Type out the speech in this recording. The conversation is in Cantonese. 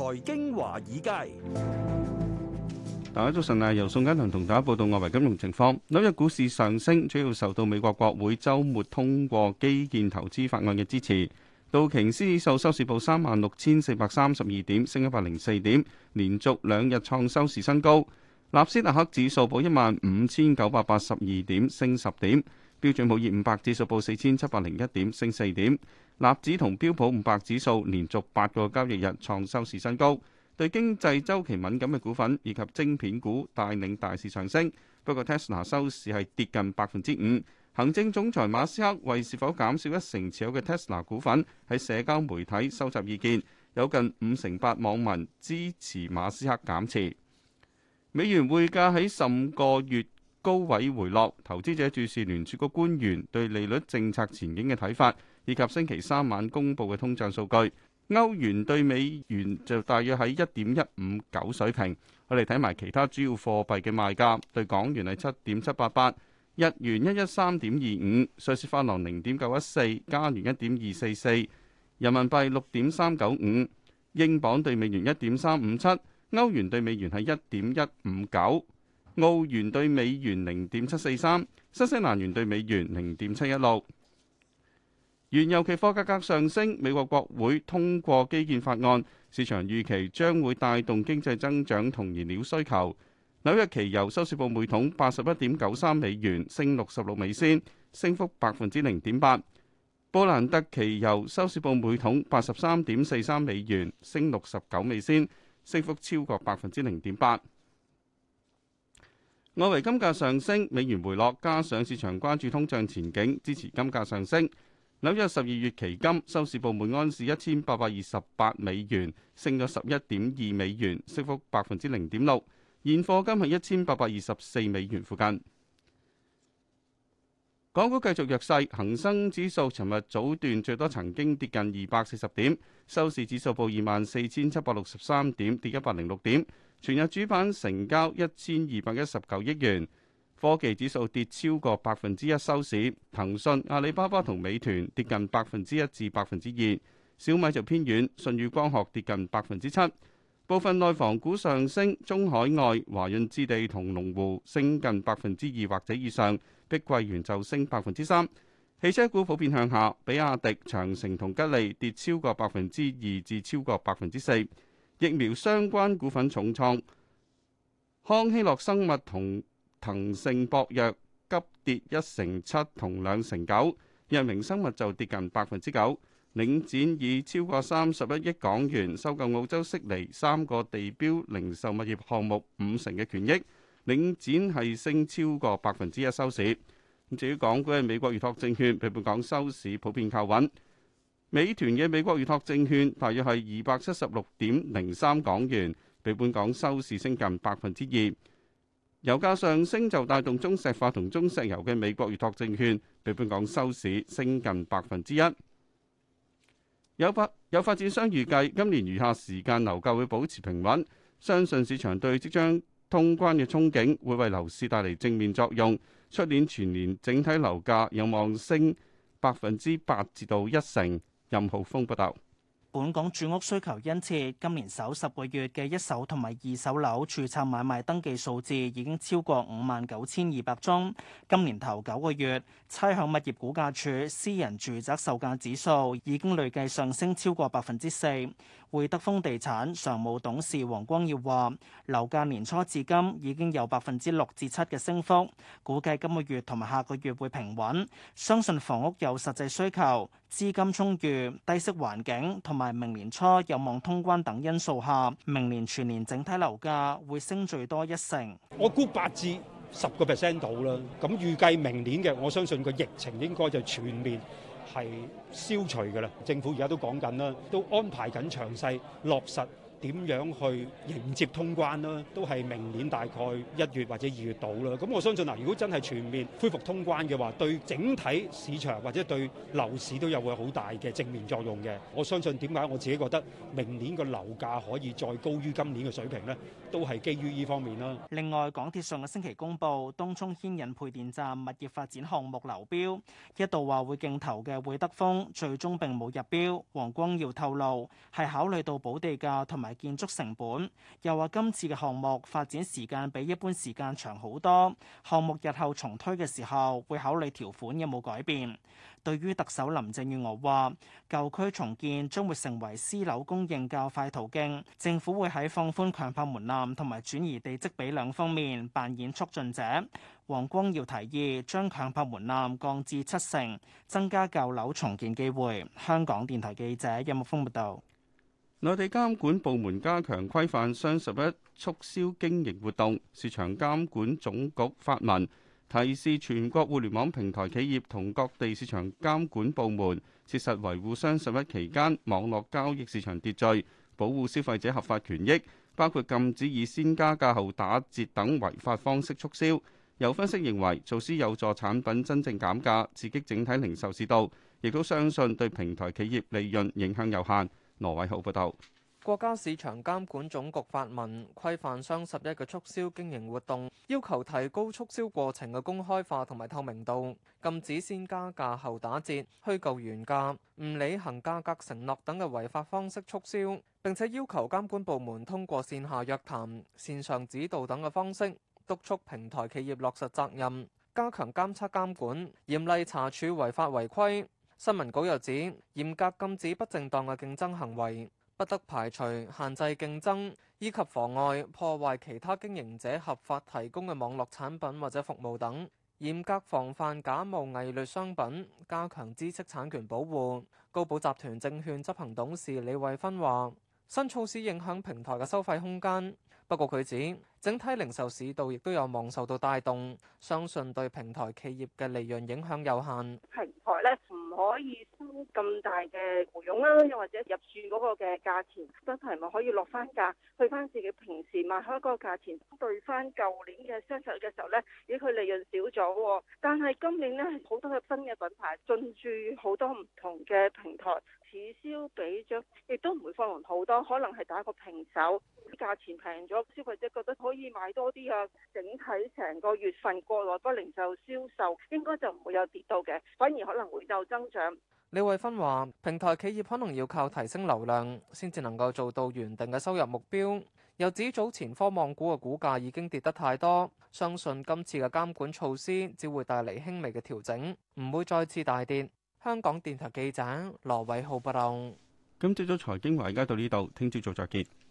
財經華爾街，大家早晨啊！由宋嘉良同大家報道外圍金融情況。紐約股市上升，主要受到美國國會周末通過基建投資法案嘅支持。道瓊斯指數收市報三萬六千四百三十二點，升一百零四點，連續兩日創收市新高。納斯達克指數報一萬五千九百八十二點，升十點。標準普爾五百指數報四千七百零一點，升四點。納指同標普五百指數連續八個交易日創收市新高。對經濟週期敏感嘅股份以及晶片股帶領大市上升。不過，Tesla 收市係跌近百分之五。行政總裁馬斯克為是否減少一成持有嘅 Tesla 股份喺社交媒體收集意見，有近五成八網民支持馬斯克減持。美元匯價喺十五個月高位回落，投資者注視聯儲局官員對利率政策前景嘅睇法，以及星期三晚公布嘅通脹數據，歐元兌美元就大約喺一點一五九水平。我哋睇埋其他主要貨幣嘅賣價，對港元係七點七八八，日元一一三點二五，瑞士法郎零點九一四，加元一點二四四，人民幣六點三九五，英鎊兌美元一點三五七，歐元兌美元係一點一五九。澳元兌美元零點七四三，新西蘭元兌美元零點七一六。原油期貨價格上升，美國國會通過基建法案，市場預期將會帶動經濟增長同燃料需求。紐約期油收市報每桶八十一點九三美元，升六十六美仙，升幅百分之零點八。布蘭特期油收市報每桶八十三點四三美元，升六十九美仙，升幅超過百分之零點八。外圍金價上升，美元回落，加上市場關注通脹前景，支持金價上升。紐約十二月期金收市報每安士一千八百二十八美元，升咗十一點二美元，升幅百分之零點六。現貨金係一千八百二十四美元附近。港股繼續弱勢，恒生指數尋日早段最多曾經跌近二百四十點，收市指數報二萬四千七百六十三點，跌一百零六點。全日主板成交一千二百一十九億元，科技指數跌超過百分之一收市。騰訊、阿里巴巴同美團跌近百分之一至百分之二，小米就偏軟，舜宇光學跌近百分之七。部分內房股上升，中海外、華潤置地同龍湖升近百分之二或者以上，碧桂園就升百分之三。汽車股普遍向下，比亞迪、長城同吉利跌超過百分之二至超過百分之四。疫苗相關股份重創，康希諾生物同騰盛博藥急跌一成七同兩成九，藥明生物就跌近百分之九。領展以超過三十一億港元收購澳洲悉尼三個地標零售物業項目五成嘅權益，領展係升超過百分之一收市。咁至於港股，美國預託證券，比本港收市普遍靠穩。美團嘅美國預託證券大約係二百七十六點零三港元，比本港收市升近百分之二。油價上升就帶動中石化同中石油嘅美國預託證券，比本港收市升近百分之一。有發有發展商預計，今年餘下時間樓價會保持平穩，相信市場對即將通關嘅憧憬會為樓市帶嚟正面作用。出年全年整體樓價有望升百分之八至到一成。任浩峰報道，本港住屋需求殷切，今年首十個月嘅一手同埋二手樓注冊買賣登記數字已經超過五萬九千二百宗。今年頭九個月，差餉物業估價署私人住宅售價指數已經累計上升超過百分之四。匯德豐地產常務董事黃光耀話，樓價年初至今已經有百分之六至七嘅升幅，估計今個月同埋下個月會平穩。相信房屋有實際需求，資金充裕，低息環境同埋明年初有望通關等因素下，明年全年整體樓價會升最多一成。我估八至十個 percent 到啦，咁預計明年嘅，我相信個疫情應該就全面係消除㗎啦。政府而家都講緊啦，都安排緊詳細落實。點樣去迎接通關啦？都係明年大概一月或者二月到啦。咁我相信嗱，如果真係全面恢復通關嘅話，對整體市場或者對樓市都有會好大嘅正面作用嘅。我相信點解我自己覺得明年個樓價可以再高於今年嘅水平咧，都係基於呢方面啦。另外，港鐵上個星期公佈東涌牽引配電站物業發展項目流標，一度話會競投嘅會德豐，最終並冇入標。黃光耀透露係考慮到補地價同埋建築成本，又話今次嘅項目發展時間比一般時間長好多。項目日後重推嘅時候，會考慮條款有冇改變。對於特首林鄭月娥話，舊區重建將會成為私樓供應較快途徑，政府會喺放寬強拍門檻同埋轉移地積比兩方面扮演促進者。黃光耀提議將強拍門檻降至七成，增加舊樓重建機會。香港電台記者任木峰報道。有內地監管部門加強規範雙十一促銷經營活動，市場監管總局發文提示全國互聯網平台企業同各地市場監管部門，切實維護雙十一期間網絡交易市場秩序，保護消費者合法權益，包括禁止以先加價後打折等違法方式促銷。有分析認為，措施有助產品真正減價，刺激整體零售市道，亦都相信對平台企業利潤影響有限。羅偉浩報道，不國家市場監管總局發文規範雙十一嘅促銷經營活動，要求提高促銷過程嘅公開化同埋透明度，禁止先加價後打折、虛構原價、唔履行價格承諾等嘅違法方式促銷，並且要求監管部門通過線下約談、線上指導等嘅方式督促平台企業落實責任，加強監測監管，嚴厲查處違法違規。新聞稿又指，嚴格禁止不正當嘅競爭行為，不得排除、限制競爭，以及妨礙、破壞其他經營者合法提供嘅網絡產品或者服務等。嚴格防範假冒偽劣商品，加強知識產權保護。高寶集團證券執行董事李慧芬話：新措施影響平台嘅收費空間。不過佢指，整體零售市道亦都有望受到帶動，相信對平台企業嘅利潤影響有限。平台咧唔可以收咁大嘅回傭啦，又或者入駐嗰個嘅價錢真係，咪可以落翻價，去翻自己平時賣開嗰個價錢，對翻舊年嘅銷售嘅時候咧，咦佢利潤少咗，但係今年咧好多新嘅品牌進駐好多唔同嘅平台，此消彼長，亦都唔會放量好多，可能係打個平手，啲價錢平咗，消費者覺得好。可以買多啲啊！整體成個月份國內不零售銷售應該就唔會有跌到嘅，反而可能會有增長。李慧芬話：平台企業可能要靠提升流量，先至能夠做到原定嘅收入目標。又指早前科網股嘅股價已經跌得太多，相信今次嘅監管措施只會帶嚟輕微嘅調整，唔會再次大跌。香港電台記者羅偉浩報道。咁朝早，財經華爾街到呢度，聽朝早再見。